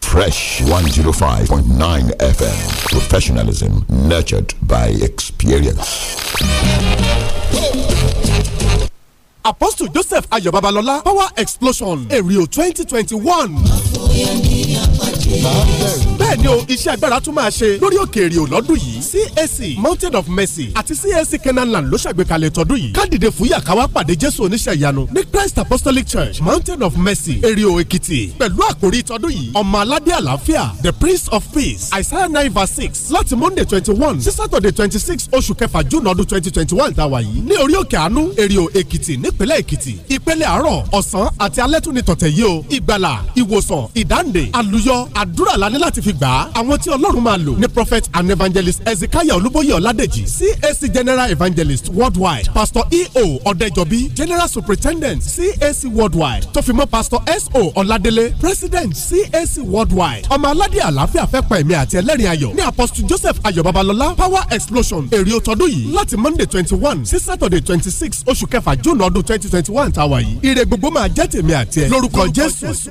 Speaker 3: Fresh 105.9 FM. Professionalism nurtured by experience.
Speaker 7: apostle joseph ayobabalola, power explosion èrè o twenty twenty one bẹ́ẹ̀ ni o iṣẹ́ agbára tún máa ṣe lórí òkè èrè ò lọ́dún yìí CAC Mountain of Mercy àti CAC Kenaland ló ṣàgbékalẹ̀ tọdún yìí kádìdè fún yàkáwá pàdé Jésù oníṣẹ́ ìyanu ní Christ Apostolic Church Mountain of Mercy èrè ò Èkìtì pẹ̀lú àkórí tọdún yìí ọmọ aládé àlàáfíà the Priest of Peace Isaiah nine verse six láti Monday twenty one sí Saturday twenty six oṣù kẹfà June ọdún twenty twenty one dáwà yìí ní orí òkè àánú èrè ò Èkìtì nípínlẹ̀ Èkìtì ìpínlẹ̀ àárọ̀ ọ̀sán àti alẹ́ tún ni tọ̀tẹ̀ yìí o ìgbàlà ìwòsàn ìdáǹdè àlùyọ àdúrà la ní láti fi gb gbà. àwọn tí ọlọ́run máa lò ni prophet and evangelist ezekiah olúbóyè ọládèjì cac general evangelist worldwide pastor eo ọ̀dẹ́jọ́bí general superintendent cac worldwide tó fi mọ́ pastor so ọládélé president cac worldwide ọmọ aládé àlàáfíà fẹ́ pa ẹ̀mí àti ẹlẹ́rìn ayọ̀ ní apostle joseph ayọ̀ power explosion èrè òtọ́dún yìí láti monday twenty one sí saturday twenty six oṣù kẹfà june ọdún twenty twenty one tàwa yìí ire gbogbo máa jẹ́ tèmi àti ẹ lórúkọ jésù.